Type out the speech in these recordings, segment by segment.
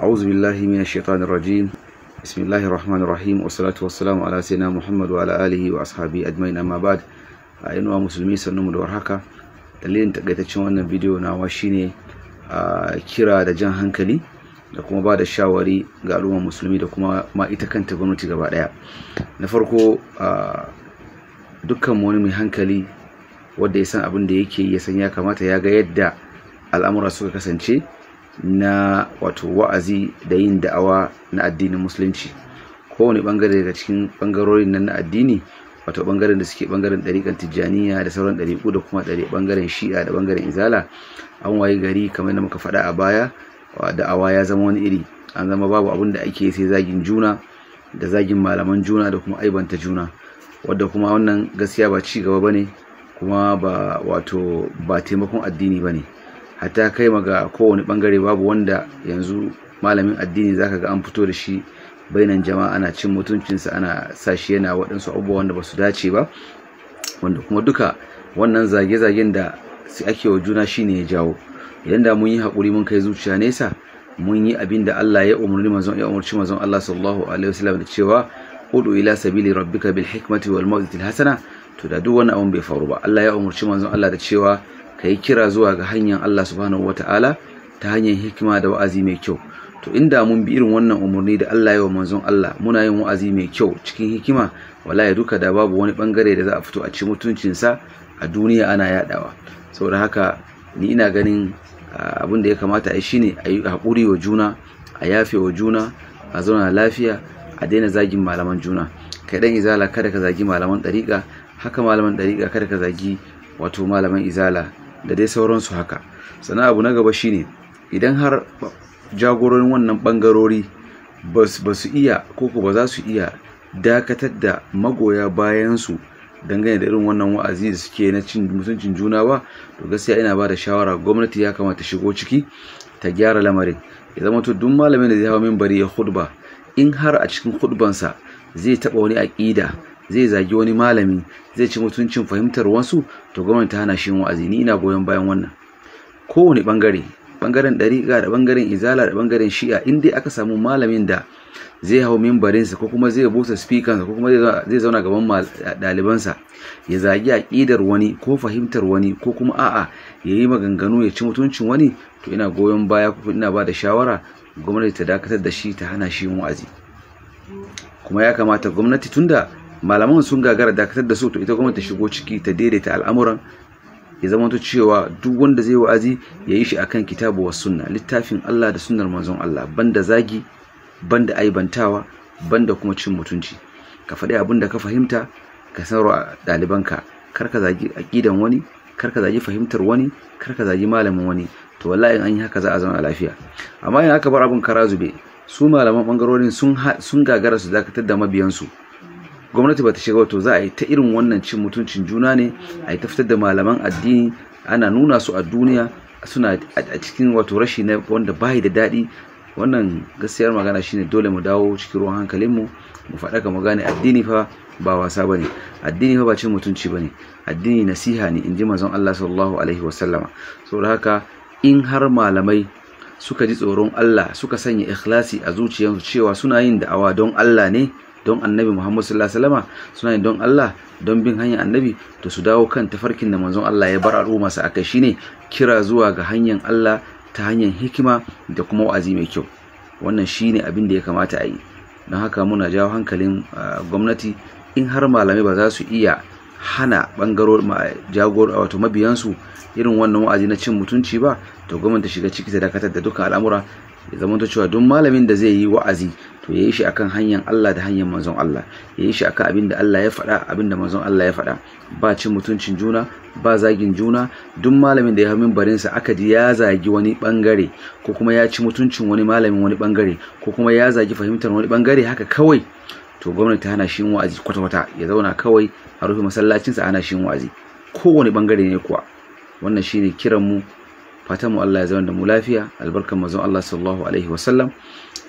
أعوذ بالله من الشيطان الرجيم بسم الله الرحمن الرحيم والصلاة والسلام على سيدنا محمد وعلى آله وأصحابه أجمعين أما بعد أين مسلمي سنم da warhaka dalilin takaitaccen wannan bidiyo nawa shine kira da jan hankali da kuma ba da shawari ga al'ummar musulmi da kuma ma ita kanta gwamnati gaba daya na farko dukkan wani mai hankali wanda ya san abin da yake ya san ya kamata ya ga yadda al'amura suka kasance na wato wa'azi da yin da'awa na addinin musulunci kowane bangare daga cikin bangarorin nan na addini wato bangaren da suke bangaren ɗariƙan tijjaniya da sauran ɗariƙu da kuma ɗari bangaren shi'a da bangaren izala an wayi gari kamar da muka faɗa a baya da'awa ya zama wani iri an zama babu abin da ake sai zagin juna da zagin malaman juna da kuma aibanta juna wadda kuma wannan gaskiya ba ci gaba ne. kuma ba wato ba taimakon addini ba ne. hatta kai ga kowane bangare babu wanda yanzu malamin addini zaka ga an fito da shi bainan jama'a ana cin mutuncinsa ana sa shi yana waɗansu abubuwa wanda ba su dace ba wanda kuma duka wannan zage-zagen da su ake wa juna shine ya jawo da mun yi haƙuri mun kai zuciya nesa mun yi abin da Allah ya umarni manzon ya umarci manzon Allah sallallahu alaihi wasallam da cewa udu ila sabili rabbika bil hikmati wal mawdati al hasana to da duk wannan abun bai faru ba Allah ya umarci manzon Allah da cewa ka yi kira zuwa ga hanyar Allah subhanahu ta'ala ta hanyar hikima da wa'azi mai kyau to inda mun bi irin wannan umarni da Allah ya wa manzon Allah muna yin wa'azi mai kyau cikin hikima wallahi duka da babu wani bangare da za a fito a ci sa a duniya ana yadawa saboda haka ni ina ganin abin da ya kamata a yi shine a yi hakuri wa juna a yafe wa juna a zauna lafiya a daina zagin malaman juna kai dan izala kada ka zagi malaman dariqa haka malaman dariqa kada ka zagi wato malaman izala da dai sauransu haka sana abu na gaba shine idan har jagororin wannan bangarori ba su iya ko ba za su iya dakatar da magoya bayansu dangane da irin wannan wa'azi da suke na cin mutuncin juna ba to gaskiya ina ba da shawara gwamnati ya kamata shigo ciki ta gyara lamarin ya zama to duk malamin da zai hawa minbari ya hudba in har a cikin hudbansa zai taba wani aƙida zai zagi wani malami zai ci mutuncin fahimtar wasu to gwamnati ta hana shi wa'azi ni ina goyon bayan wannan kowane bangare bangaren dariƙa da bangaren izala da bangaren shi'a in dai aka samu malamin da zai hau mimbarinsa ko kuma zai busa spikansa ko kuma zai zauna gaban ɗalibansa ya zagi aƙidar wani ko fahimtar wani ko kuma a'a ya yi maganganu ya ci mutuncin wani to ina goyon baya ko ina ba da shawara gwamnati ta dakatar da shi ta hana shi wa'azi kuma ya kamata gwamnati tunda malaman sun gagara dakatar da su to ita gwamnati ta shigo ciki ta daidaita al'amuran ya zama to cewa duk wanda zai wa'azi ya yi shi akan kitabu wa sunna littafin Allah da sunnar manzon Allah banda zagi banda aibantawa banda kuma cin mutunci ka faɗi abin da ka fahimta ka sanarwa dalibanka, kar ka zagi aqidan wani kar ka zagi fahimtar wani kar ka zagi malamin wani to wallahi in an yi haka za a zama lafiya amma in aka bar abin kara zube su malaman bangarorin sun gagara su dakatar da mabiyansu gwamnati ba ta shiga wato za a yi ta irin wannan cin mutuncin juna ne a yi ta fitar da malaman addini ana nuna su a duniya suna a cikin wato rashi na wanda bayi da daɗi wannan gaskiyar magana shine dole mu dawo cikin ruwan hankalin mu mu faɗaka mu gane addini fa ba wasa bane addini fa ba cin mutunci bane addini nasiha ne inji manzon Allah sallallahu alaihi wasallama saboda haka in har malamai suka ji tsoron Allah suka sanya ikhlasi a zuciyarsu cewa suna yin da'awa don Allah ne don annabi muhammad sallallahu alaihi wasallama suna don Allah don bin hanyar annabi to su dawo kan tafarkin da manzon Allah ya bar al'umma sa akai shine kira zuwa ga hanyar Allah ta hanyar hikima da kuma wa'azi mai kyau wannan shine abin da ya kamata a yi don haka muna jawo hankalin gwamnati in har malamai ba za su iya hana bangaro jagor wato mabiyansu irin wannan wa'azi na cin mutunci ba to gwamnati shiga ciki ta dakatar da dukkan al'amura ya zama cewa duk malamin da zai yi wa'azi to yayi shi akan hanyar Allah da hanyar manzon Allah yayi shi akan abin da Allah ya faɗa abin da manzon Allah ya faɗa ba cin mutuncin juna ba zagin juna duk malamin da ya hamin barinsa aka ji ya zagi wani bangare ko kuma ya ci mutuncin wani malamin wani bangare ko kuma ya zagi fahimtar wani bangare haka kawai to gwamnati ta hana shi wa'azi kwata-kwata ya zauna kawai a rufe masallacin masallacinsa ana shi wa'azi kowane bangare ne kuwa wannan shine kiran mu fatan mu Allah ya zama da mu lafiya albarkar mazan Allah sallallahu alaihi wasallam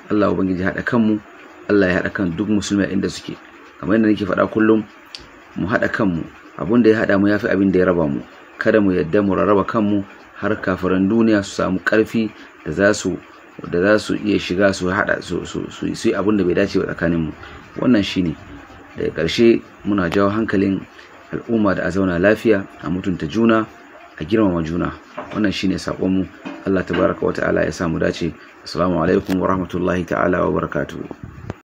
Allah ubangiji haɗa kanmu Allah ya haɗa kan duk musulmi inda suke kamar yadda nake faɗa kullum mu haɗa kanmu Abun da ya haɗa mu yafi abin da ya raba mu kada mu yadda mu rarraba kanmu har kafiran duniya su samu ƙarfi da za su da za su iya shiga su haɗa su su yi abin da bai dace ba tsakanin mu wannan shine daga ƙarshe muna jawo hankalin al'umma da a zauna lafiya a mutunta juna a girmama juna wannan shine sakon mu Allah tabaraka wa ta'ala ya samu dace assalamu alaikum wa rahmatullahi ta'ala wa barakatuhu